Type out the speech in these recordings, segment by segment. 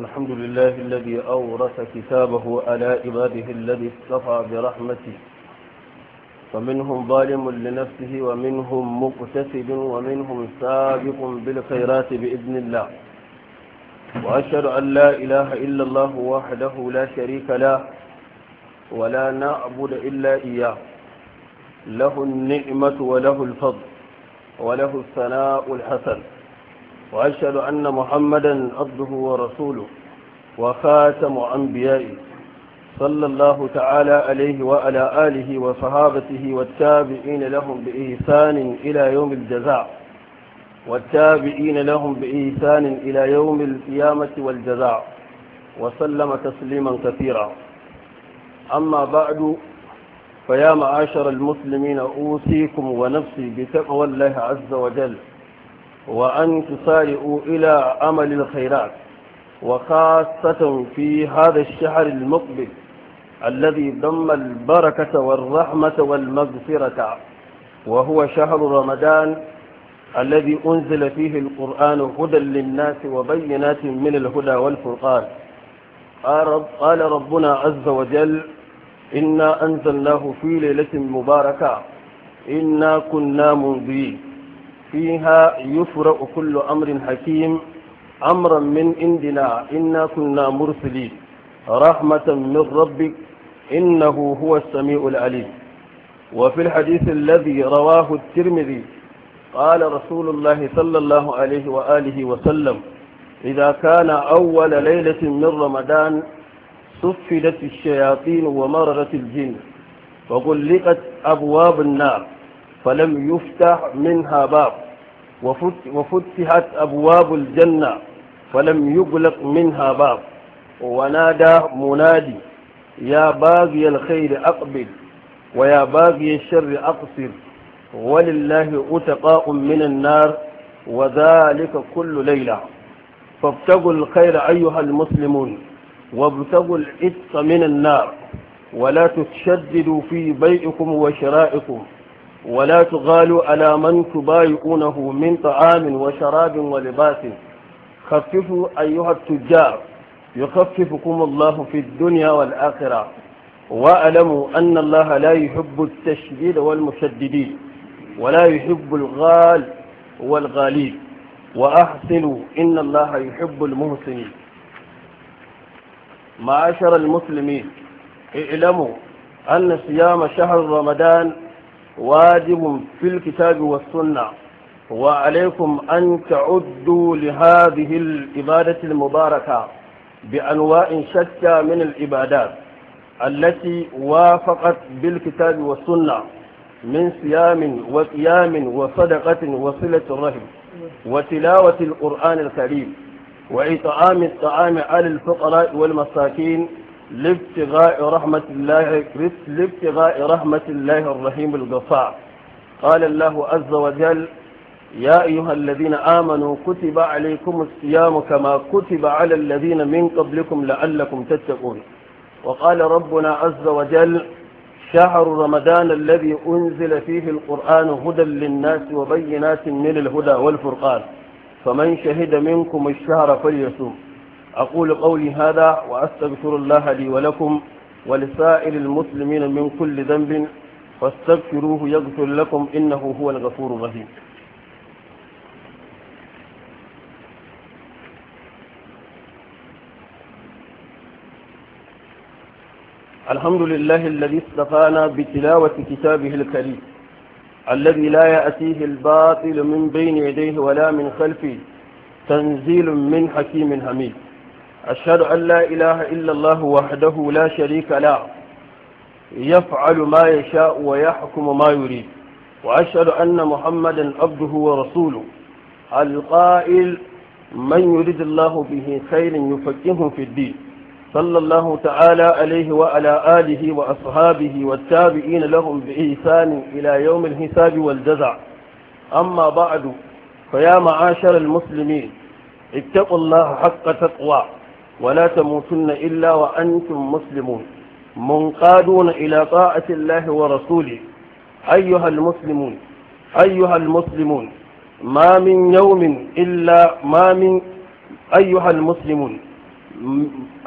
الحمد لله الذي أورث كتابه على عباده الذي اصطفى برحمته فمنهم ظالم لنفسه ومنهم مقتسب ومنهم سابق بالخيرات بإذن الله وأشهد أن لا إله إلا الله وحده لا شريك له ولا نعبد إلا إياه له النعمة وله الفضل وله الثناء الحسن وأشهد أن محمدا عبده ورسوله وخاتم أنبيائه صلى الله تعالى عليه وعلى آله وصحابته والتابعين لهم بإحسان إلى يوم الجزاء والتابعين لهم بإحسان إلى يوم القيامة والجزاء وسلم تسليما كثيرا أما بعد فيا معاشر المسلمين أوصيكم ونفسي بتقوى الله عز وجل وأن تسارعوا إلى عمل الخيرات وخاصة في هذا الشهر المقبل الذي ضم البركة والرحمة والمغفرة وهو شهر رمضان الذي أنزل فيه القرآن هدى للناس وبينات من الهدى والفرقان قال ربنا عز وجل إنا أنزلناه في ليلة مباركة إنا كنا منذرين فيها يفرأ كل أمر حكيم أمرا من عندنا إنا كنا مرسلين رحمة من ربك إنه هو السميع العليم وفي الحديث الذي رواه الترمذي قال رسول الله صلى الله عليه وآله وسلم إذا كان أول ليلة من رمضان سفلت الشياطين ومررت الجن وغلقت أبواب النار فلم يفتح منها باب وفتحت أبواب الجنة فلم يغلق منها باب ونادى منادي يا باغي الخير أقبل ويا باغي الشر أقصر ولله أتقاء من النار وذلك كل ليلة فابتغوا الخير أيها المسلمون وابتغوا العتق من النار ولا تتشددوا في بيعكم وشرائكم ولا تغالوا على من تبايعونه من طعام وشراب ولباس خففوا أيها التجار يخففكم الله في الدنيا والآخرة واعلموا أن الله لا يحب التشديد والمشددين ولا يحب الغال والغالين وأحسنوا إن الله يحب المحسنين معاشر المسلمين اعلموا أن صيام شهر رمضان واجب في الكتاب والسنة وعليكم أن تعدوا لهذه العبادة المباركة بأنواع شتى من العبادات التي وافقت بالكتاب والسنة من صيام وقيام وصدقة وصلة الرحم وتلاوة القرآن الكريم وإطعام الطعام على الفقراء والمساكين لابتغاء رحمة الله لابتغاء رحمة الله الرحيم الغفار قال الله عز وجل يا أيها الذين آمنوا كتب عليكم الصيام كما كتب على الذين من قبلكم لعلكم تتقون وقال ربنا عز وجل شهر رمضان الذي أنزل فيه القرآن هدى للناس وبينات من الهدى والفرقان فمن شهد منكم الشهر فليصوم أقول قولي هذا وأستغفر الله لي ولكم ولسائر المسلمين من كل ذنب فاستغفروه يغفر لكم إنه هو الغفور الرحيم الحمد لله الذي استفانا بتلاوة كتابه الكريم الذي لا يأتيه الباطل من بين يديه ولا من خلفه تنزيل من حكيم حميد أشهد أن لا إله إلا الله وحده لا شريك له يفعل ما يشاء ويحكم ما يريد وأشهد أن محمدا عبده ورسوله القائل من يريد الله به خير يفكهه في الدين صلى الله تعالى عليه وعلى آله وأصحابه والتابعين لهم بإحسان إلى يوم الحساب والجزع أما بعد فيا معاشر المسلمين اتقوا الله حق تقواه ولا تموتن إلا وأنتم مسلمون منقادون إلى طاعة الله ورسوله أيها المسلمون أيها المسلمون ما من يوم إلا ما من أيها المسلمون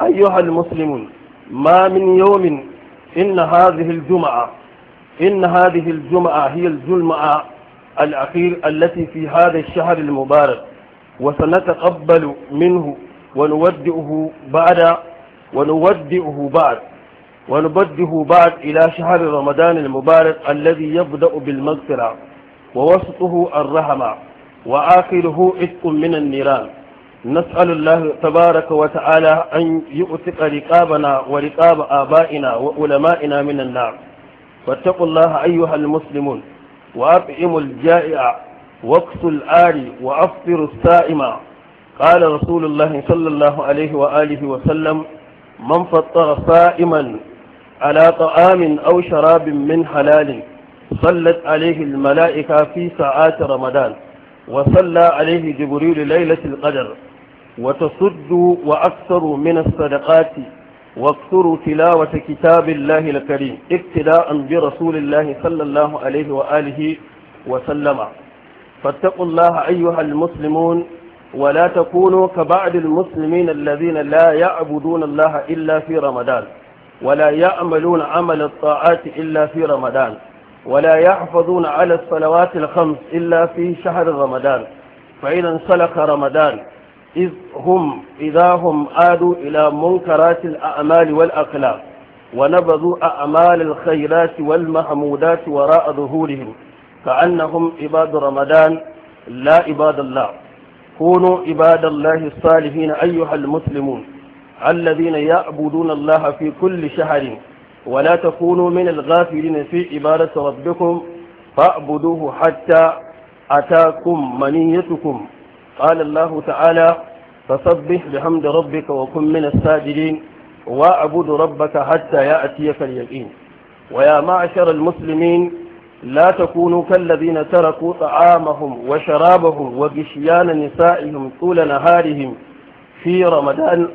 أيها المسلمون ما من يوم إن هذه الجمعة إن هذه الجمعة هي الجمعة الأخير التي في هذا الشهر المبارك وسنتقبل منه ونودئه بعد ونودئه بعد ونبده بعد إلى شهر رمضان المبارك الذي يبدأ بالمغفرة ووسطه الرحمة وآخره عتق من النيران نسأل الله تبارك وتعالى أن يؤتق رقابنا ورقاب آبائنا وعلمائنا من النار واتقوا الله أيها المسلمون وأطعموا الجائع واكسوا الآري وأفطروا السائمة قال رسول الله صلى الله عليه وآله وسلم من فطر صائما على طعام أو شراب من حلال صلت عليه الملائكة في ساعات رمضان وصلى عليه جبريل ليلة القدر وتصد وأكثر من الصدقات واكثروا تلاوة كتاب الله الكريم ابتداء برسول الله صلى الله عليه وآله وسلم فاتقوا الله أيها المسلمون ولا تكونوا كبعض المسلمين الذين لا يعبدون الله إلا في رمضان ولا يعملون عمل الطاعات إلا في رمضان ولا يحفظون على الصلوات الخمس إلا في شهر رمضان فإذا انسلخ رمضان إذ هم إذا هم عادوا إلى منكرات الأعمال والأخلاق ونبذوا أعمال الخيرات والمحمودات وراء ظهورهم كأنهم عباد رمضان لا عباد الله كونوا عباد الله الصالحين أيها المسلمون الذين يعبدون الله في كل شهر ولا تكونوا من الغافلين في عبادة ربكم فاعبدوه حتى أتاكم منيتكم قال الله تعالى فسبح بحمد ربك وكن من الساجدين واعبد ربك حتى يأتيك اليقين ويا معشر المسلمين لا تكونوا كالذين تركوا طعامهم وشرابهم وغشيان نسائهم طول نهارهم في رمضان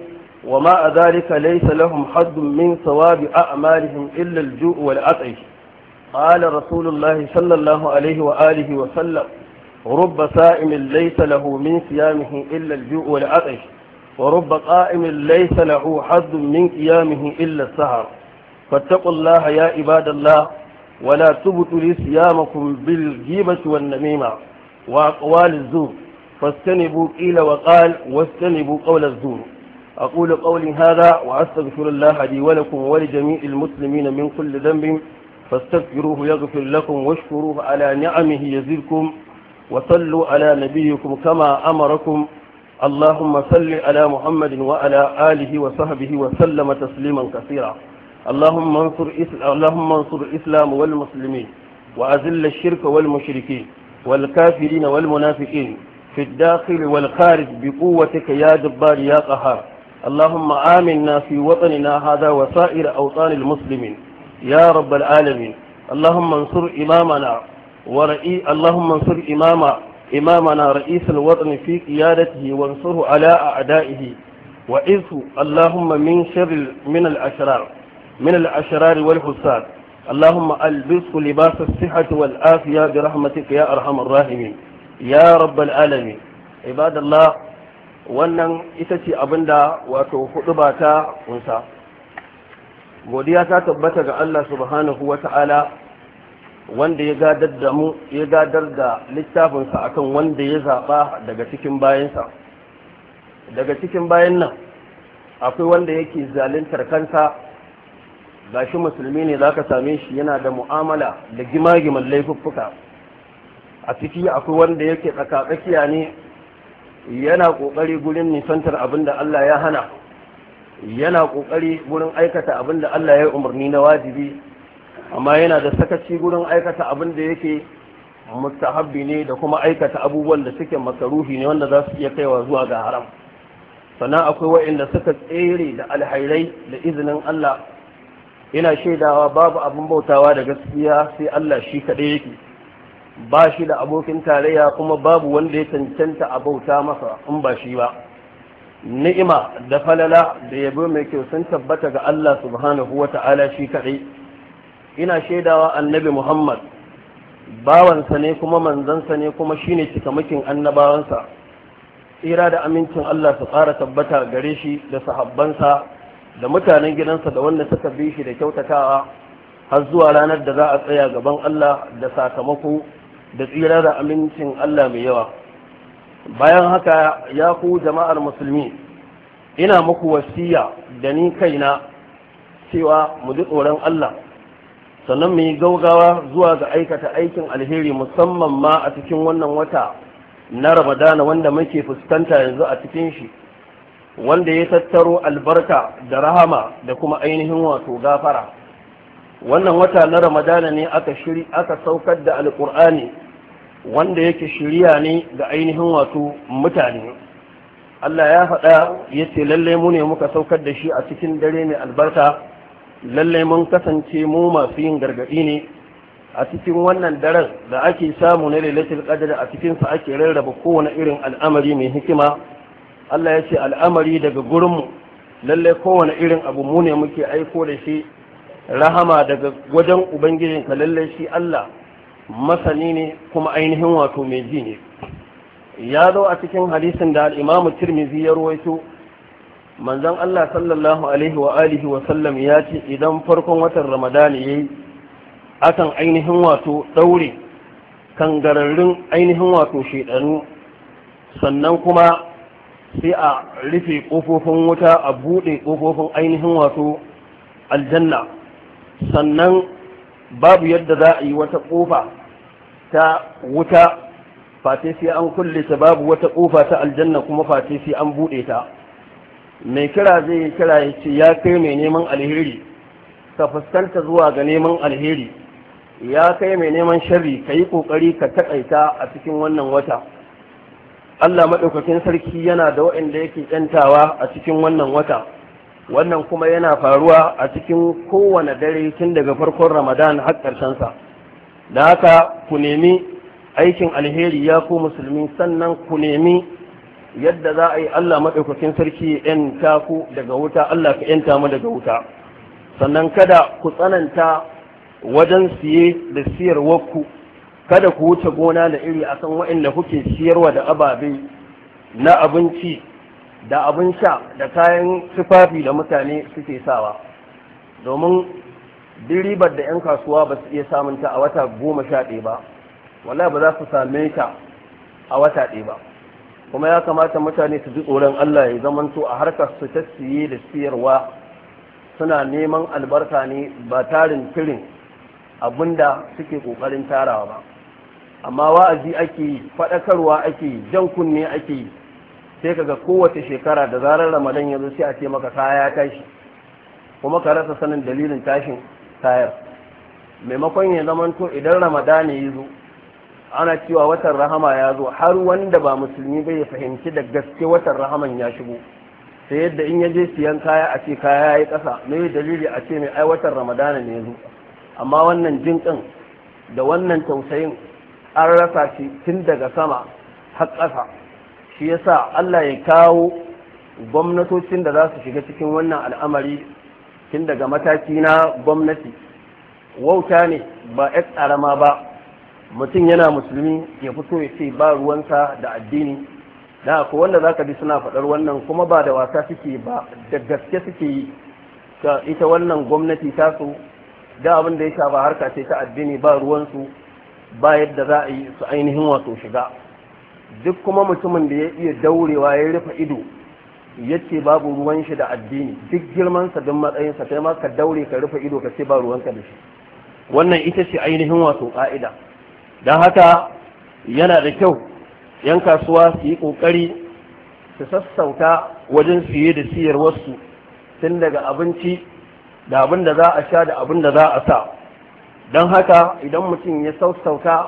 وما ذلك ليس لهم حد من ثواب أعمالهم إلا الجوع والعطش قال رسول الله صلى الله عليه وآله وسلم رب سائم ليس له من صيامه إلا الجوع والعطش ورب قائم ليس له حد من قيامه إلا السهر فاتقوا الله يا عباد الله ولا تبطل صيامكم بالغيبة والنميمة وأقوال الزور فاستنبوا قيل وقال واستنبوا قول الزور أقول قولي هذا وأستغفر الله لي ولكم ولجميع المسلمين من كل ذنب فاستغفروه يغفر لكم واشكروه على نعمه يزدكم وصلوا على نبيكم كما أمركم اللهم صل على محمد وعلى آله وصحبه وسلم تسليما كثيرا اللهم انصر اللهم انصر الاسلام والمسلمين واذل الشرك والمشركين والكافرين والمنافقين في الداخل والخارج بقوتك يا جبار يا قهار اللهم آمنا في وطننا هذا وسائر أوطان المسلمين يا رب العالمين اللهم انصر إمامنا ورئي اللهم انصر إمام إمامنا رئيس الوطن في قيادته وانصره على أعدائه وإذ اللهم من شر من الأشرار من الأشرار والحساد اللهم ألبسه لباس الصحة والآفية برحمتك يا أرحم الراحمين يا رب العالمين عباد الله wannan ita ce abin da wato hudu ba ta kunsa godiya ta tabbata ga Allah subhanahu wa ta'ala wanda ya gadar da mu ya gadar da littafinsa akan wanda ya zaɓa daga cikin bayansa daga cikin bayan nan akwai wanda yake zalintar kansa gashi musulmi ne zaka same shi yana da mu'amala da gimagiman laifuffuka a ciki akwai wanda yake tsakiya ne yana kokari gurin nisantar abin da Allah ya hana yana kokari gurin aikata abin da Allah ya umarni na wajibi amma yana da sakaci gurin aikata abin da yake mustahabbi ne da kuma aikata abubuwan da suke makaruhi ne wanda za su iya kaiwa zuwa ga haram sannan akwai waɗanda suka tsere da alhairai da izinin Allah ina shaidawa babu abin bautawa da gaskiya sai Allah shi kaɗai yake ba shi da abokin tarayya kuma babu wanda ya cancanta a bauta masa in ba shi ba ni'ima da falala da yabo mai kyau sun tabbata ga Allah subhanahu wa ta'ala shi kaɗai ina shaidawa annabi Muhammad bawansa ne kuma manzansa ne kuma shine cikamakin annabawansa tsira da amincin Allah su ƙara tabbata gare shi da sahabbansa da mutanen gidansa da wanda suka bi shi da kyautatawa har zuwa ranar da za a tsaya gaban Allah da sakamako da tsira da amincin Allah mai yawa bayan haka ya ku jama'ar musulmi ina muku wasiya da ni kaina cewa mu ji tsoron Allah sannan mu yi gaugawa zuwa ga aikata aikin alheri musamman ma a cikin wannan wata na ramadana wanda muke fuskanta yanzu a cikin shi wanda ya tattaro albarka da rahama da kuma ainihin wato gafara wannan wata na ramadana ne aka shiri aka saukar da alkur'ani wanda yake shirya ne ga ainihin wato mutane Allah ya faɗa ya ce lallai mu ne muka saukar da shi a cikin dare mai albarka lallai mun kasance mu masu yin gargaɗi ne a cikin wannan daren da ake samu na lailatul qadr a cikin sa ake rarraba kowane irin al'amari mai hikima Allah ya ce al'amari daga gurinmu lallai kowane irin abu mune muke aiko da shi rahama daga wajen ubangijinka lallai shi Allah masani ne kuma ainihin wato mai ji ne ya zo a cikin hadisin da al'imamu tirmizi ya ruwaito manzon Allah sallallahu alaihi wa alihi wa sallam ya ce idan farkon watan ramadani ya yi akan ainihin wato ɗaure kangararrun ainihin wato shaidanu sannan kuma sai a rufe ƙofofin wuta a buɗe ƙofofin ainihin wato aljanna sannan babu yadda za a yi wata ƙofa ta wuta fate sai an kulle ta babu wata ƙofa ta aljanna kuma fate sai an buɗe ta mai kira zai kira ya ce ya kai mai neman alheri ka fuskanta zuwa ga neman alheri ya kai mai neman sharri ka yi ƙoƙari ka taƙaita a cikin wannan wata Allah maɗaukakin sarki yana da waɗanda yake ‘yantawa a cikin wannan wata, wannan kuma yana faruwa a cikin kowane dare tun daga farkon Ramadan har ƙarshensa. Da haka ku nemi aikin alheri ya ku musulmi sannan ku nemi yadda za a yi Allah maɗaukakin sarki ‘yanta ku daga wuta, Allah ka ‘yanta mu daga wuta. Sannan kada ku tsananta wajen siye da siyarwar ku. kada ku wuce gona da iri a akan waɗanda kuke siyarwa da ababe na abinci da abin sha da kayan tufafi da mutane suke sawa domin diribar da 'yan kasuwa ba su iya samunta a wata goma sha ɗaya ba wala ba za su same ta a wata ɗaya ba kuma ya kamata mutane su ji tsoron Allah ya zamanto a harkar su ta siye da siyarwa suna neman albarka ne ba tarin firin abinda suke ƙoƙarin tarawa ba amma wa'azi ake yi faɗakarwa ake jan kunne ake yi sai kaga kowace shekara da zarar ramadan ya zo sai a ce maka kaya tashi kuma ka rasa sanin dalilin tashin tayar maimakon ya zamanto idan ramadan ya zo ana cewa watan rahama ya zo har wanda ba musulmi bai ya fahimci da gaske watan rahaman ya shigo sai yadda in ya je siyan kaya a ce kaya ya yi ƙasa me dalili a ce mai ai watan ramadana ne ya zo amma wannan jinƙin da wannan tausayin an rasa shi tun daga sama har ƙasa shi yasa Allah ya kawo gwamnatocin da za su shiga cikin wannan al'amari tun daga mataki na gwamnati wauta ne ba ya ƙarama ba mutum yana musulmi ya fito ya ce ba ruwansa da addini da akwai wanda za ka bi suna faɗar wannan kuma ba da wasa suke ba da gaske suke yi ita wannan gwamnati ta su da abin da ya shafa harka ce ta addini ba ruwansu ba yadda za a yi su ainihin wato shiga duk kuma mutumin da ya iya daurewa ya rufe ido ya ce babu ruwan shi da addini duk girmansa duk matsayinsa kai ma ka daure ka rufe ido ka ce ba ruwanka da shi wannan ita ce ainihin wato ka'ida don haka yana da kyau 'yan kasuwa su yi ƙoƙari su sassauta wajen siye da siyarwarsu su tun daga abinci da abin da za a sha da abin da za a sa don haka idan mutum ya sassauta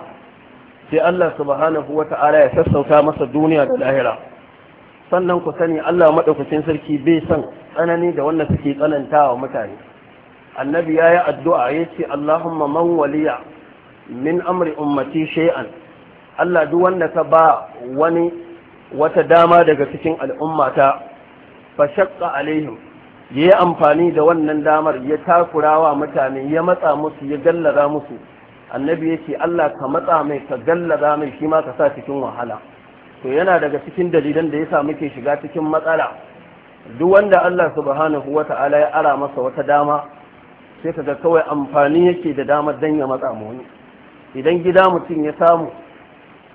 sai Allah subhanahu wa ta'ala ya sassauta masa duniya da lahira sannan ku sani Allah maɗaukacin sarki bai san tsanani da wanda suke tsananta wa mutane annabi ya yi addu'a ya ce Allahumma man waliya min amri ummati shay'an Allah duk wanda ka ba wani wata dama daga cikin al'ummata fa shaqqa alaihim ya yi amfani da wannan damar ya takura wa mutane ya matsa musu ya gallaza musu annabi ya ce Allah ka matsa mai ka gallaza mai shi ma ka sa cikin wahala to yana daga cikin dalilan da ya sa muke shiga cikin matsala duk wanda Allah subhanahu wa ta'ala ya ara masa wata dama sai ka ga kawai amfani yake da damar dan ya matsa mu idan gida mutum ya samu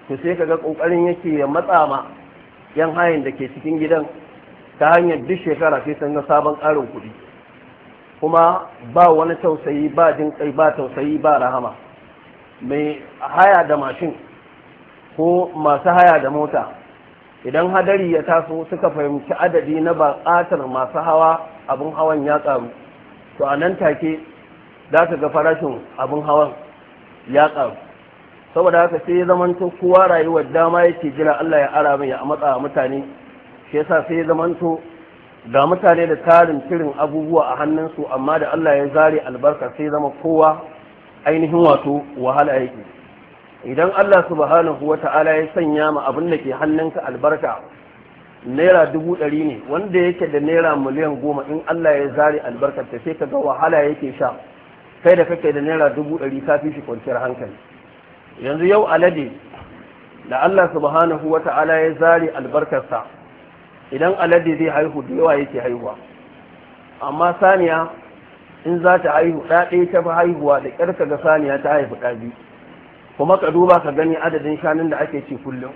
to sai ka ga kokarin yake ya matsa ma yan hayin da ke cikin gidan ta hanyar duk shekara sai sun ga sabon ƙarin kuɗi kuma ba wani tausayi ba jin kai ba tausayi ba rahama mai haya da mashin ko masu haya da mota idan hadari ya taso suka fahimci adadi na baƙatar masu hawa abin hawan ya to a nan take za ka ga farashin abin hawan ya saboda haka sai ya zamanto kowa rayuwar dama yake jira Allah ya ara mai ya matsa mutane shi yasa sai zamanto ga mutane da tarin kirin abubuwa a hannunsu amma da Allah ya zare albarka sai zama kowa ainihin wato wahala yake idan Allah subhanahu wata'ala ya sanya ma abin da ke hannunka albarka naira dubu ɗari ne wanda yake da naira miliyan goma in Allah ya zare albarka ta sai ga wahala yake sha kai da kake da naira dubu ɗari ka fi shi kwanciyar hankali yanzu yau alade da Allah subhanahu wata'ala ta'ala ya zare albarkarsa idan alade zai haihu da yawa yake haihuwa amma saniya in za ta haihu ɗaɗe ta fi haihuwa da kyar ka ga saniya ta haihu ɗa kuma ka duba ka gani adadin shanun da ake ci kullum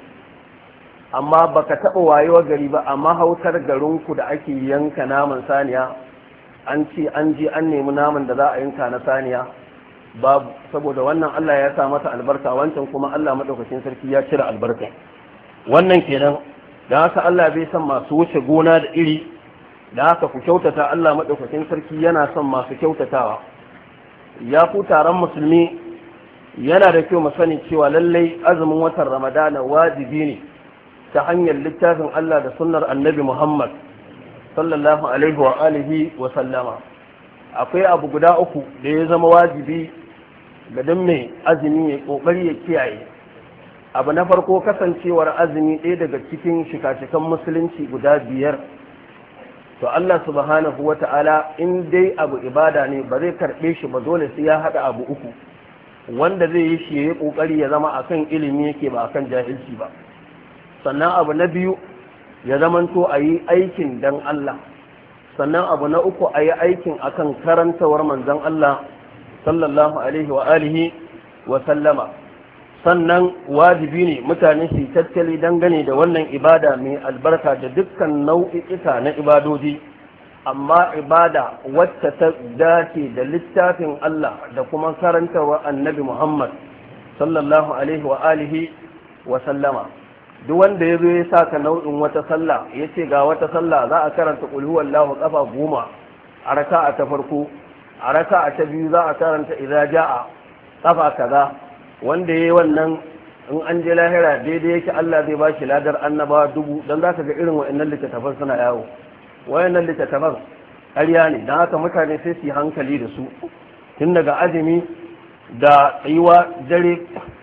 amma ba ka taɓa wayewa gari ba amma hautar garinku da ake yanka naman saniya an ce an je an nemi naman da za a yanka na saniya babu saboda wannan Allah ya sa masa albarka wancan kuma Allah maɗaukacin sarki ya cire albarka wannan kenan da haka Allah bai san masu wuce gona da iri da haka ku kyautata Allah maɗaukakin sarki yana son masu kyautatawa ya ku taron musulmi yana da kyau mu sani cewa lallai azumin watan ramadana wajibi ne ta hanyar littafin Allah da sunnar annabi Muhammad sallallahu alaihi wa alihi wa sallama akwai abu guda uku da ya zama wajibi ga duk mai azumi ya kokari ya kiyaye abu na farko kasancewar azumi ɗaya daga cikin shika-shikan musulunci guda biyar to Allah subhanahu wa ta'ala in dai abu ibada ne ba zai karɓe shi ba dole sai ya haɗa abu uku wanda zai yi shi ya ƙoƙari ya zama akan ilimi yake ba akan jahilci ba sannan abu na biyu ya zamanto a yi aikin dan Allah sannan abu na uku a yi aikin akan karantawar manzon Allah sallallahu alaihi wa alihi wa sallama sannan wajibi ne mutane su tattali dangane da wannan ibada mai albarka da dukkan nau'i'ika na ibadoji amma ibada wacce ta dace da littafin Allah da kuma karantarwa annabi Muhammad sallallahu alaihi wa alihi wa sallama duk wanda ya zo ya saka nau'in wata sallah ya ce ga wata sallah za a karanta kulhu wallahu ƙafa goma a raka'a ta farko a raka'a ta biyu za a karanta idza ja'a ƙafa kaza wanda ya yi wannan in an je lahira daidai yake Allah zai ba shi ladar annabawa dubu don za ka ga irin wa'annan littattafan suna yawo wa'annan littattafan ƙarya ne don haka mutane sai su yi hankali da su tun daga azumi da tsayuwa dare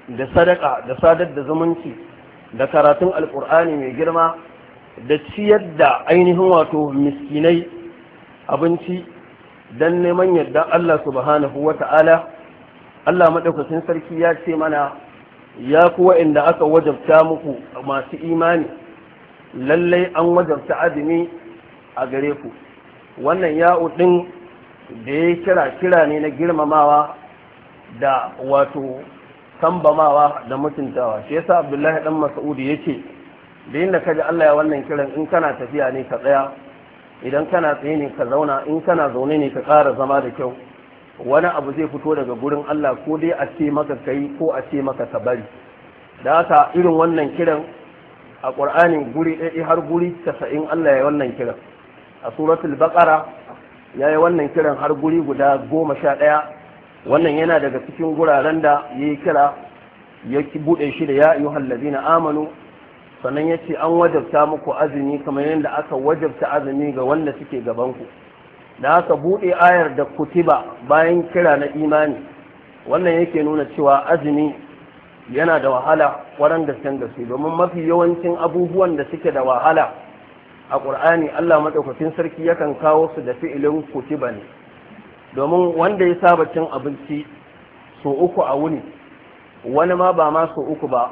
da sadaka da sadar da zumunci da karatun alkur'ani mai girma da ciyar da ainihin wato miskinai abinci don neman yadda Allah subhanahu wa ta'ala Allah madaukakin sarki ya ce mana ya kuwa inda aka wajabta muku masu imani lallai an wajabta azumi a gare ku wannan ya'u ɗin da ya kira kira ne na girmamawa da wato tambamawa da mutuntawa shi yasa abdullahi dan mas'udi yake da inda kaji Allah ya wannan kiran in kana tafiya ne ka tsaya idan kana tsaye ne ka zauna in kana zaune ne ka ƙara zama da kyau wani abu zai fito daga gurin Allah ko dai a ce maka kai ko a ce maka sabari da haka irin wannan kiran a Qur'ani guri ɗaya har guri casa'in Allah ya wannan kiran a suratul baƙara ya yi wannan kiran har guri guda goma sha ɗaya wannan yana daga cikin guraren da ya yi kira ya buɗe shi da ya yi hallazina amanu sannan ya ce an wajabta muku azumi kamar yadda aka wajabta azumi ga wanda suke gabanku da aka buɗe ayar da kutiba bayan kira na imani wannan yake nuna cewa azumi yana da wahala kwaran da gaske domin mafi yawancin abubuwan da suke da wahala a ƙur'ani allah maɗaukakin sarki yakan kawo su da fi'ilin kutiba ne domin wanda ya saba cin abinci so uku a wuni wani ma ba ma so uku ba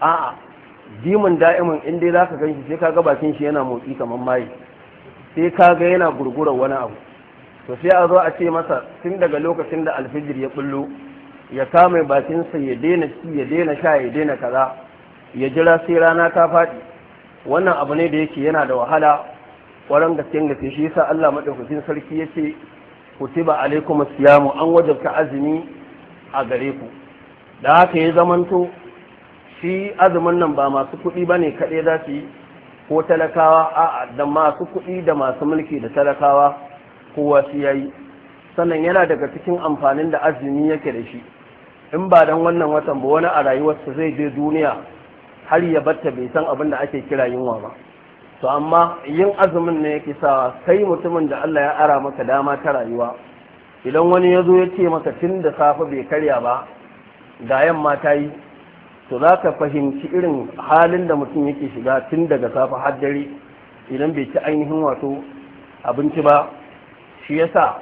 a'a dimin da'imin in dai za ka gan shi sai ka ga bakin shi yana motsi kamar maye sai kaga yana gurgurar wani abu to sai a zo a ce masa tun daga lokacin da alfijir ya bullo ya kame bakinsa ya daina ci ya daina sha ya daina kaza ya jira sai rana ta faɗi wannan abu ne da yake yana da wahala ƙwarar gaske gaske shi yasa Allah madaukakin sarki ya ce ku ci kutiba alaikum siyamu an wajabta azumi a gare ku da haka ya zamanto shi azumin nan ba masu kuɗi bane kaɗai za su yi ko talakawa a da masu kuɗi da masu mulki da talakawa kowa su yayi sannan yana daga cikin amfanin da azumi yake da shi in ba don wannan watan ba wani a rayuwarsa zai je duniya har ya batta bai san abin da ake kira yunwa ba to amma yin azumin ne yake sa kai mutumin da Allah ya ara maka dama ta rayuwa idan wani ya zo ya ce maka tun da safe bai karya ba ga yamma ta yi to za ka fahimci irin halin da mutum yake shiga tun daga safe har dare idan bai ci ainihin wato abinci ba shi yasa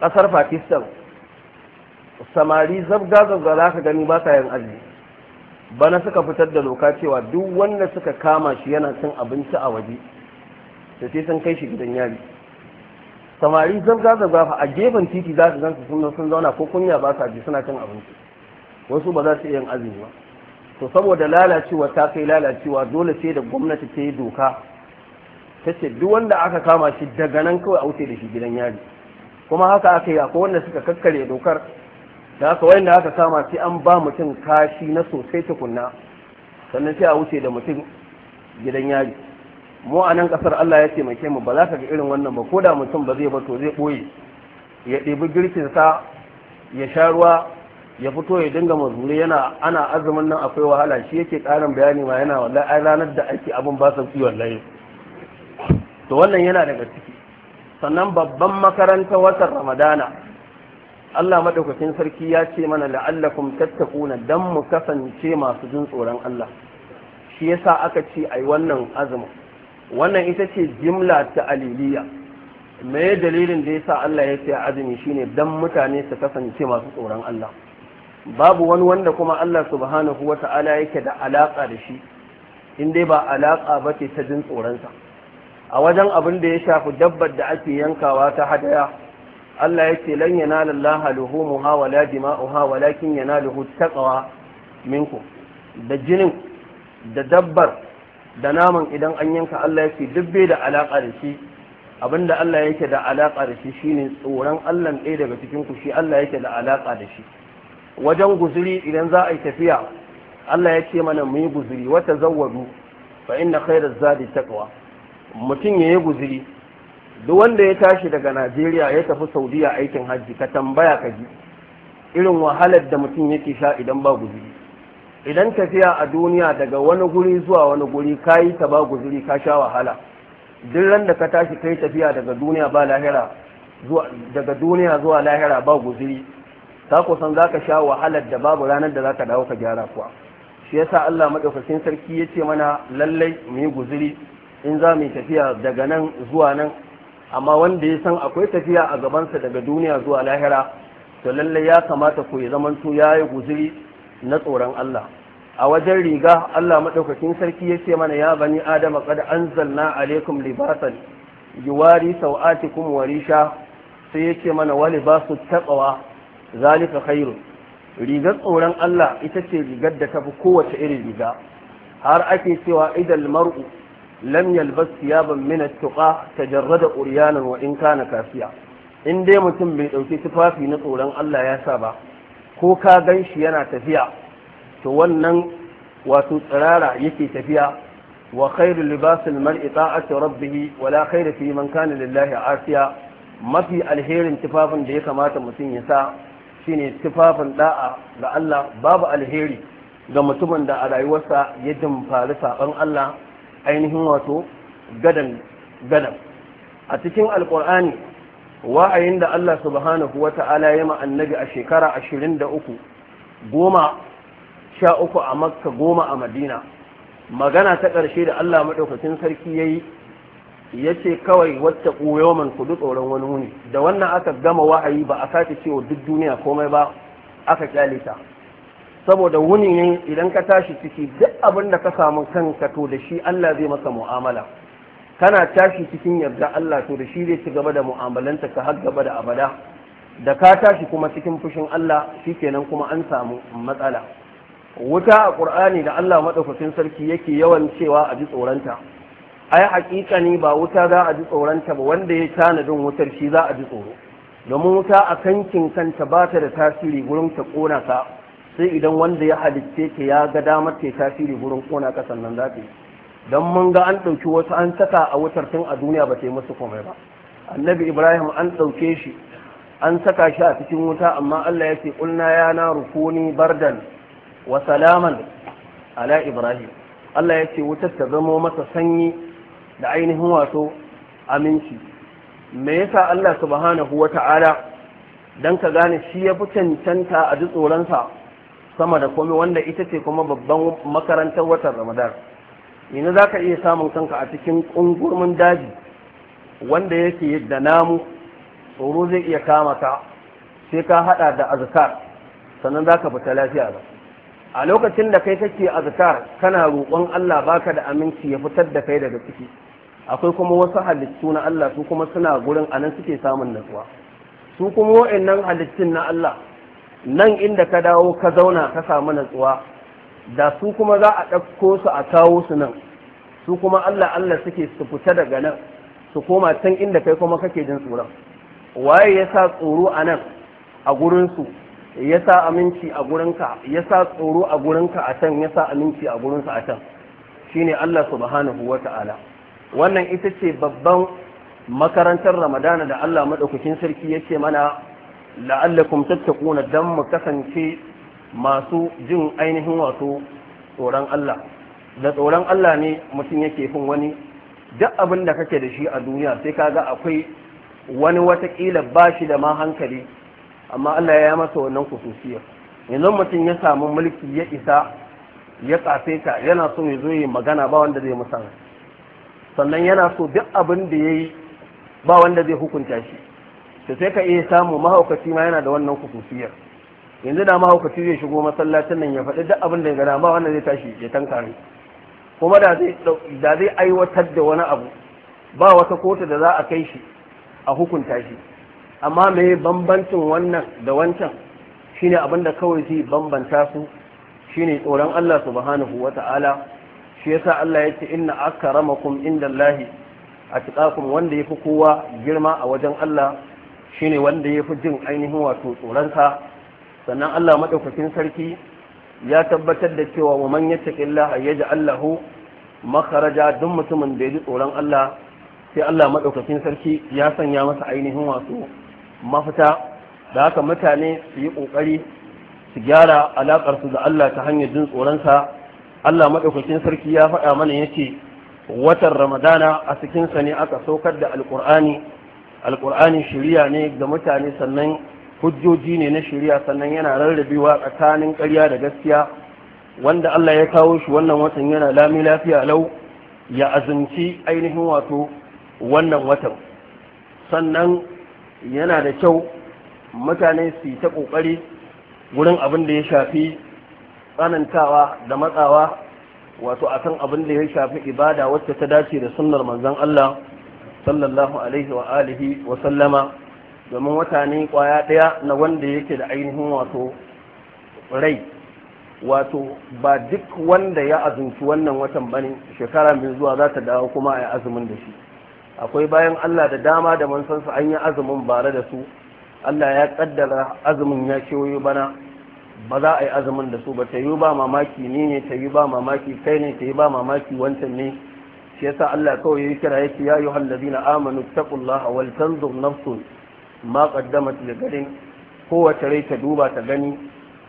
ƙasar pakistan samari zabga-zabga za ka gani ba sa yin aji bana suka fitar da doka cewa duk wanda suka kama shi yana cin abinci a waje da sai sun kai shi gidan yari samari zabga-zabga a gefen titi za su zan su sun zauna ko kunya ba sa ji suna cin abinci wasu ba za su iya azumi ba to saboda lalacewa ta kai lalacewa dole sai da gwamnati ta yi doka ta ce duk wanda aka kama shi daga nan kawai a wuce da shi gidan yari kuma haka aka yi a wanda suka kakkare dokar da wayan da aka kama sai an ba mutum kashi na sosai tukunna sannan sai a wuce da mutum gidan yari mu a nan kasar Allah ya taimake mu ba za ka ga irin wannan ba ko da mutum ba zai ba to zai boye ya ɗebi girkinsa ya sha ruwa ya fito ya dinga mazuri yana ana azumin nan akwai wahala shi yake karin bayani ma yana wallahi ai ranar da ake abin ba sa kiwon lai to wannan yana daga ciki sannan babban makaranta watan ramadana Allah madaukakin sarki ya ce mana la'allakum tattakuna dan mu kasance masu jin tsoron Allah shi yasa aka ce ai wannan azumi wannan ita ce jimla ta aliliya me dalilin da yasa Allah ya ce azumi shine dan mutane su kasance masu tsoron Allah babu wani wanda kuma Allah subhanahu wa ta'ala yake da alaƙa da shi in dai ba alaƙa ba ce ta jin tsoronsa a wajen abin da ya shafi dabbar da ake yankawa ta hadaya Allah ya ce lan yanala Allah luhumuha wala dima'uha walakin yanaluhu taqwa minku da jinin da dabbar da naman idan an yanka Allah ya ce duk bai da alaka da shi abinda Allah yake da alaka da shi shine tsoron Allah ɗaya daga cikin ku shi Allah yake da alaka da shi wajen guzuri idan za a yi tafiya Allah ya ce mana mu yi guzuri wata zawwadu fa inna khairaz zadi taqwa mutum yayi yi guzuri duk wanda ya tashi daga Najeriya ya tafi Saudiya aikin hajji ka tambaya ka ji irin wahalar da mutum yake sha idan ba guzuri idan tafiya a duniya daga wani guri zuwa wani guri ka ta ba guzuri ka sha wahala duk randa ka tashi kai tafiya daga duniya ba lahira zuwa daga duniya zuwa lahira ba guzuri ta kusan za ka sha wahalar da babu ranar da za ka dawo ka gyara kuwa shi yasa Allah maɗaukakin sarki ya ce mana lallai mu yi guziri in za mu yi tafiya daga nan zuwa nan amma wanda ya san akwai tafiya a gabansa daga duniya zuwa lahira to lallai ya kamata ku zaman to ya yi guziri na tsoron Allah a wajen riga Allah maɗaukakin sarki ya ce mana ya bani adama qad anzalna alaikum libasan yuwari sau'atikum warisha sai ya ce mana walibasu basu taɓawa zalika khairu rigar tsoron Allah ita ce rigar da tafi kowace irin riga har ake cewa idal mar'u lam yalbas thiyaban min at-tuqa tajarrada uryanan wa in kana kafiya in dai mutum bai dauki tufafi na tsoron Allah ya sa ba ko ka ganshi yana tafiya to wannan wato tsirara yake tafiya wa khairu libasil mar'i ta'ati rabbih wa la khairu fi man kana lillahi asiya mafi alherin tufafin da ya kamata mutum ya sa Shi ne tufafin da'a ga Allah babu alheri ga mutumin da a rayuwarsa ya jimfari saɓon Allah ainihin wato gadan gadan a cikin alƙur'ani wa'ayin da Allah subhanahu wa ta'ala ya ma'annabi a shekara ashirin da uku goma sha uku a makka goma a madina magana ta ƙarshe da Allah maɗaukacin sarki ya yi ya ce kawai wacce yawman ku duk tsoron wani wuni da wannan aka gama wa'ayi ba a sake cewa duk duniya komai ba aka kyale ta saboda wuni ne idan ka tashi ciki duk abin da ka samu kanka to da shi Allah zai masa mu'amala kana tashi cikin yarda Allah to da shi zai ci gaba da mu'amalanta ka har gaba da abada da ka tashi kuma cikin fushin Allah shikenan kuma an samu matsala wuta a Qur'ani da Allah madaukakin sarki yake yawan cewa a ji tsoronta ai hakika ne ba wuta za a ji tsoron ta ba wanda ya tanadin wutar shi za a ji tsoro domin wuta a kankin kanta ba ta da tasiri gurin ta kona ka sai idan wanda ya halicce ta ya ga damar ta tasiri gurin kona ka sannan za ta yi don mun ga an ɗauki wasu an saka a wutar tun a duniya ba ta yi musu komai ba annabi ibrahim an ɗauke shi an saka shi a cikin wuta amma allah ya ce ƙulna ya na rukuni bardan wa salaman ala ibrahim allah ya ce wutar ta zamo masa sanyi da ainihin wato aminci me yasa Allah subhanahu wa ta'ala dan ka gane shi ya fi cancanta a ji tsoronsa sama da komai wanda ita ce kuma babban makarantar watan ramadan Ina za ka iya samun kanka a cikin ƙungurmin daji wanda yake da namu tsoro zai iya kama ka sai ka hada da azkar sannan za ka fita lafiya ba a lokacin da kai kake azkar kana roƙon Allah baka da aminci ya fitar da kai daga ciki akwai kuma wasu halittu na Allah su kuma suna gurin anan suke samun natsuwa su kuma nan halittun na Allah nan inda ka dawo ka zauna ka samu natsuwa da su kuma za a ɗauko su a kawo su nan su kuma Allah Allah suke su fita daga nan su koma can inda kai kuma kake jin tsoron waye ya sa tsoro a nan a gurinsu ya sa aminci a gurinka ya sa tsoro a gurinka a can ya sa aminci a gurinsu a can shine Allah subhanahu wa ta'ala wannan ita ce babban makarantar ramadana da Allah maɗaukakin sarki ya ce mana la'allakum tattakuna don mu kasance masu jin ainihin wato tsoron Allah da tsoron Allah ne mutum yake fin wani duk abin da kake da shi a duniya sai kaga akwai wani watakila ba shi da ma hankali amma Allah ya masa wannan kususiya yanzu mutum ya samu mulki ya isa ya ƙafe ta yana so ya zo yi magana ba wanda zai musamman sannan yana so duk abin da ya yi ba wanda zai hukunta shi to sai ka iya samu mahaukaci ma yana da wannan kukusiyar yanzu da mahaukaci zai shigo masallacin nan ya faɗi duk abin da ya gana ba wanda zai tashi ya tankare kuma da zai aiwatar da wani abu ba wata kotu da za a kai shi a hukunta shi amma mai bambancin wannan da wancan shine abin da kawai zai bambanta su shine tsoron Allah subhanahu wata'ala shi yasa Allah ya ce inna akramakum indallahi atqakum wanda yafi kowa girma a wajen Allah shine wanda yafi jin ainihin wato tsoronsa sannan Allah madaukakin sarki ya tabbatar da cewa wa man yattaqillaha yaj'al lahu makharaja duk mutumin da ya ji tsoron Allah sai Allah madaukakin sarki ya sanya masa ainihin wato mafita da haka mutane su yi kokari su gyara alaƙarsu da Allah ta hanyar jin tsoronsa Allah maɗaukakin sarki ya faɗa mana ya ce watan ramadana a cikinsa ne aka saukar da alƙur'ani alƙur'ani shirya ne ga mutane sannan hujjoji ne na shirya sannan yana rarrabewa tsakanin ƙarya da gaskiya wanda Allah ya kawo shi wannan watan yana lami lafiya lau ya azumci ainihin wato wannan watan sannan yana da kyau mutane su yi ta ƙoƙari wurin abin da ya shafi tsanantawa da matsawa wato a kan abin da ya shafi ibada wacce ta dace da sunnar manzon Allah sallallahu alaihi wa alihi wa sallama domin wata ne kwaya daya na wanda yake da ainihin wato rai wato ba duk wanda ya azumci wannan watan bane shekara mai zuwa za ta dawo kuma a yi azumin da shi akwai bayan Allah da dama da mun san su an yi azumin bare da su Allah ya kaddara azumin ya kewayo bana ba za a yi azumin da su ba ta yi ba mamaki ni ne ta yi ba mamaki kai ne ta yi ba mamaki wancan ne shi yasa Allah kawai ya kira yake ya yuhal ladina amanu taqullaha wal tanzur nafsun ma qaddamat li gadin kowace rai ta duba ta gani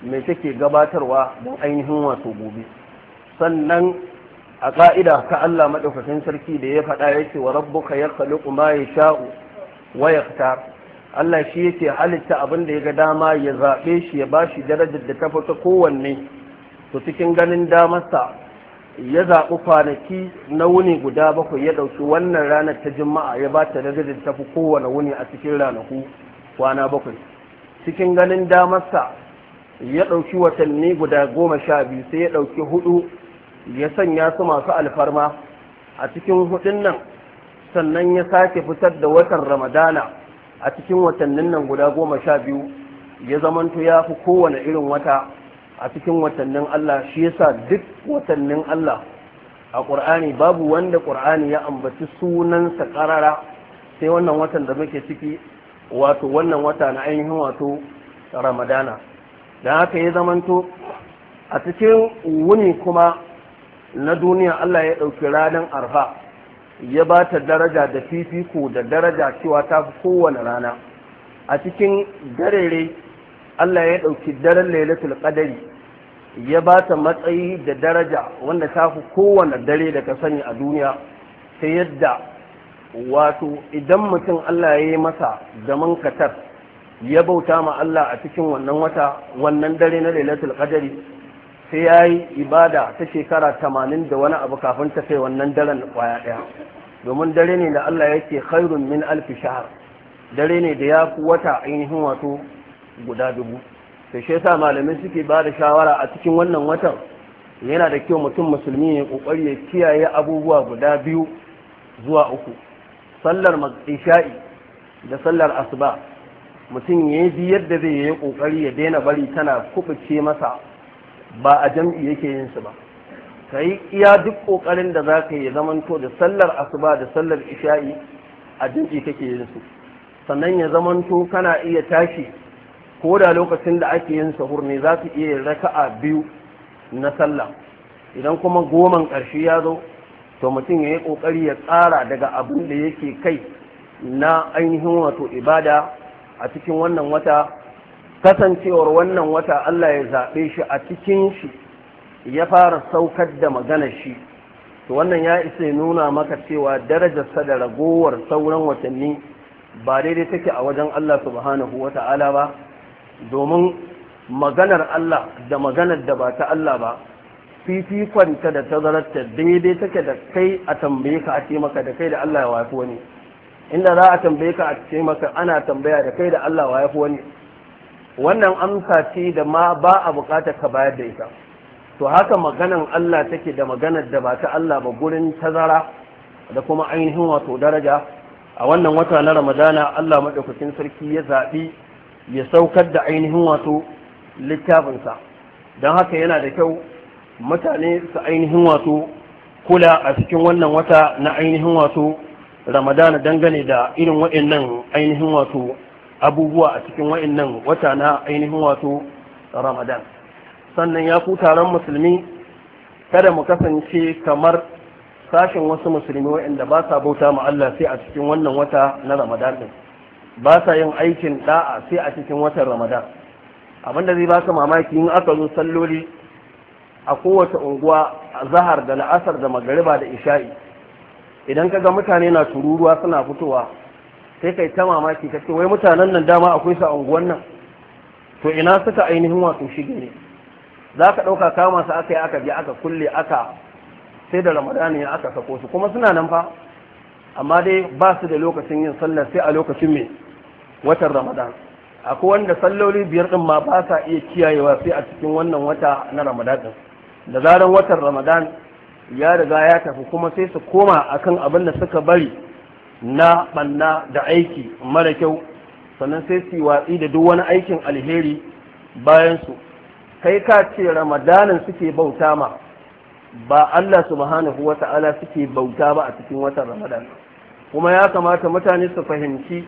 me take gabatarwa don ainihin wato gobe sannan a ka'ida ka Allah madaukakin sarki da ya faɗa yake wa rabbuka yakhluqu ma yasha'u wa yaqtar Allah shi yake halitta abin da ya ga dama ya zaɓe shi ya bashi darajar da ta kowanne to cikin ganin damarsa ya zaɓi kwanaki na wuni guda bakwai ya ɗauki wannan ranar ta juma'a ya ba ta darajar da ta kowane wuni a cikin ranaku kwana bakwai cikin ganin damarsa ya ɗauki watanni guda goma sha biyu sai ya ɗauki hudu ya sanya su masu alfarma a cikin hudun nan sannan ya sake fitar da watan ramadana a cikin watannin nan guda goma sha biyu ya zamanto ya fi kowane irin wata a cikin watannin Allah shi yasa duk watannin Allah a ƙur'ani babu wanda ƙur'ani ya ambaci sunansa ƙarara sai wannan watan da muke ciki wato wannan wata na ainihin wato ramadana da haka ya zamanto a cikin wuni kuma na duniya Allah ya ɗauki ranar arfa ya ba ta daraja da fifiko da daraja cewa ta fi kowane rana a cikin darere Allah ya ɗauki daren lailatul qadari ya ba ta matsayi da daraja wanda ta fi kowane dare da ka sani a duniya ta yadda wato idan mutum Allah ya yi masa zaman katar ya bauta ma Allah a cikin wannan wata wannan dare na lailatul qadari sai ya yi ibada ta shekara tamanin da wani abu kafin ta kai wannan daren kwaya ɗaya domin dare ne da Allah yake khairun min alfi shahar dare ne da ya fi wata ainihin wato guda dubu sai shi yasa malamai suke ba da shawara a cikin wannan watan yana da kyau mutum musulmi ne kokari ya kiyaye abubuwa guda biyu zuwa uku sallar isha'i da sallar asuba mutum ya yi yadda zai yi kokari ya daina bari tana kubuce masa ba a jam'i yake yin su ba ka yi iya duk ƙoƙarin da za ka yi zamanto da sallar asuba da sallar isha'i a jam'i kake yin su sannan ya zamanto kana iya tashi ko da lokacin da ake yin sahur ne za ka iya raka'a biyu na sallah idan kuma goman ƙarshe ya zo to mutum ya yi ƙoƙari ya tsara daga abin da yake kai na ainihin wato ibada a cikin wannan wata kasancewar wannan wata Allah ya zaɓe shi a cikin shi ya fara saukar da magana shi to wannan ya isa nuna maka cewa darajarsa da ragowar sauran watanni ba daidai take a wajen Allah subhanahu wa ta'ala ba domin maganar Allah da maganar da ba ta Allah ba fifikonta da tazararta daidai take da kai a tambaye ka a ce maka da kai da Allah ya wafi wani inda za a tambaye ka a ce maka ana tambaya da kai da Allah ya wani wannan amsa ce da ma ba a bukata ka bayar da ita to haka maganan Allah take da maganar da ba ta Allah ba gurin tazara da kuma ainihin wato daraja a wannan wata na ramadana Allah maɗaukakin sarki ya zaɓi ya saukar da ainihin wato littafinsa don haka yana da kyau mutane su ainihin wato kula a cikin wannan wata na ainihin wato ramadana dangane da irin waɗannan ainihin wato abubuwa a cikin wa'annan wata na ainihin wato ramadan sannan ya ku taron musulmi kada mu kasance kamar sashen wasu musulmi wa'anda ba sa bauta ma Allah sai a cikin wannan wata na ramadan din ba sa yin aikin da'a sai a cikin watan ramadan abinda zai ba baka mamaki in aka zo salloli a kowace unguwa a zahar da la'asar da magariba da isha'i idan ka ga mutane na tururuwa suna fitowa sai kai ta mamaki ka ce wai mutanen nan dama akwai su a unguwan nan to ina suka ainihin wato shige ne za ka ɗauka kama su aka yi aka je aka kulle aka sai da ramadani ya aka sako su kuma suna nan fa amma dai ba su da lokacin yin sallar sai a lokacin mai watan ramadan akwai wanda salloli biyar din ma ba sa iya kiyayewa sai a cikin wannan wata na ramadan din da zaran watan ramadan ya riga ya tafi kuma sai su koma akan abin da suka bari na banna da aiki mara kyau sannan sai su watsi da duk wani aikin alheri bayan su kai ka ce ramadanin suke bauta ma ba Allah subhanahu wa ta'ala suke bauta ba a cikin watan ramadan kuma ya kamata mutane su fahimci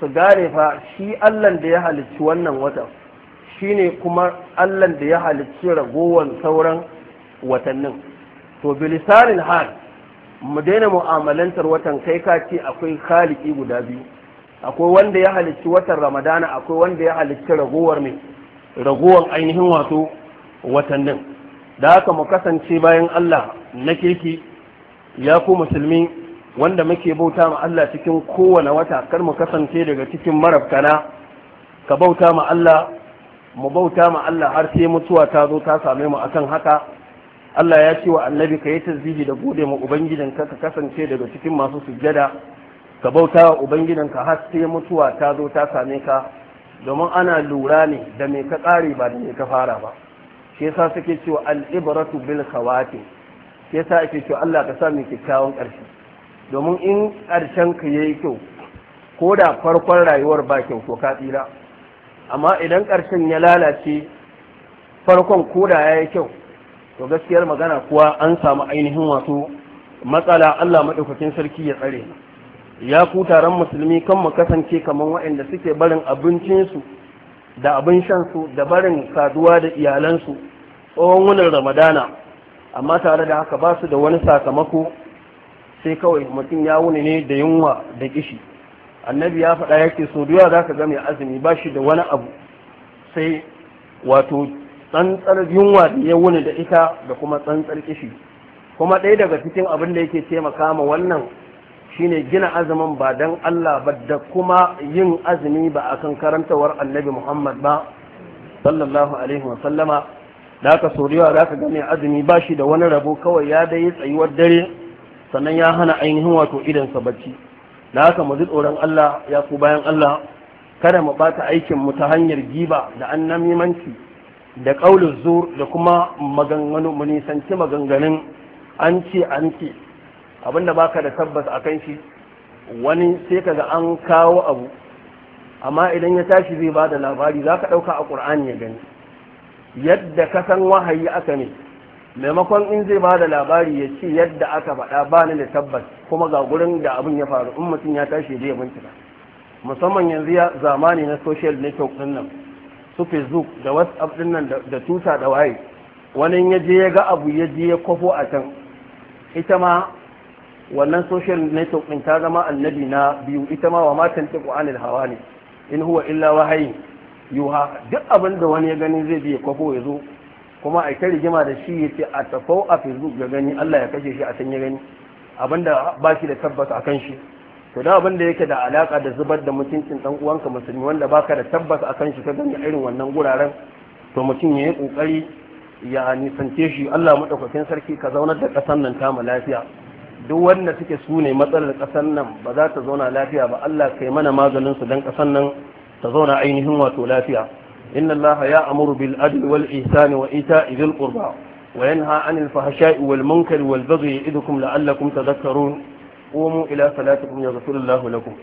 su gane fa shi Allah da ya halicci wannan watan shine kuma Allah da ya halicci ragowar sauran watannin to bilisanin hal mu daina mu'amalantar watan kai ka ce akwai khaliki guda biyu akwai wanda ya halicci watan ramadana akwai wanda ya halicci ragowar ne ragowar ainihin wato watannin da haka mu kasance bayan Allah na kirki ya ku musulmi wanda muke bauta ma Allah cikin kowane wata kar mu kasance daga cikin marabkana ka bauta ma Allah mu bauta ma Allah har sai mutuwa ta zo ta same mu akan haka Allah ya ce wa annabi ka yi tasbihi da gode ma ubangijinka ka kasance daga cikin masu sujjada ka bauta wa ubangijinka har sai mutuwa ta zo ta same ka domin ana lura ne da me ka kare ba da me ka fara ba shi yasa suke cewa al-ibratu bil khawati shi yasa ake cewa Allah ka sa mu kyakkyawan ƙarshe domin in karshen ka yayi kyau ko da farkon rayuwar ba kyau to ka tsira amma idan ƙarshen ya lalace farkon ko da yayi kyau to gaskiyar magana kuwa an samu ainihin wato matsala Allah maɗaukakin sarki ya tsare ya ku taron musulmi kan mu kasance kamar waɗanda suke barin abincinsu da abin shansu da barin saduwa da iyalansu tsohon wunin ramadana amma tare da haka ba su da wani sakamako sai kawai mutum ya wuni ne da yunwa da kishi annabi ya faɗa yake so duya za ka ga mai azumi ba shi da wani abu sai wato tsantsar yunwa da ya wuni da ita da kuma tsantsar kishi kuma ɗaya daga cikin abin da yake taimaka ma wannan shine gina azumin ba don Allah ba da kuma yin azumi ba akan karantawar annabi Muhammad ba sallallahu alaihi wa sallama da aka soriwa za ka gane azumi ba shi da wani rabo kawai ya dai tsayuwar dare sannan ya hana ainihin wato idansa bacci da aka mu tsoron Allah ya ku bayan Allah kada mu bata aikin mu ta hanyar giba da annamimanci da ƙaunin zur da kuma maganganu mu nisanci maganganun an ce an ce abinda baka da tabbas a kan shi wani sai ka ga an kawo abu amma idan ya tashi zai ba da labari za ka ɗauka a ƙur'ani ya gani yadda ka san wahayi aka ne maimakon in zai ba da labari ya ce yadda aka faɗa ba ni da tabbas kuma ga gurin da abin ya faru in mutum ya tashi zai bincika musamman yanzu ya zamani na social network ɗin nan su facebook da whatsapp din nan da tuta da waye wani ya je ya ga abu ya je ya kwafo a can ita ma wannan social network din ta zama annabi na biyu ita ma wa matan ta qur'anil hawa ne in huwa illa wahayi yuha duk abin da wani ya gani zai je ya kwafo ya zo kuma a ta rigima da shi yace a tafau a facebook ya gani Allah ya kashe shi a san ya gani abinda ba shi da tabbas akan shi to da abin da yake da alaka da zubar da mutuncin dan uwanka musulmi wanda baka da tabbas a akan shi ka gani irin wannan guraren to mutum ya yi kokari ya nisance shi Allah madaukakin sarki ka zaunar da ƙasar nan ta mu lafiya duk wanda suke su ne matsalar ƙasar nan ba za ta zauna lafiya ba Allah kai mana maganin su dan ƙasar nan ta zauna ainihin wato lafiya inna Allah ya amuru bil adl wal ihsani wa ita'i dhil qurba wa yanha 'anil fahsha'i wal munkari wal baghi la'allakum tadhakkarun qumu ila salatikum yaghfirullahu lakum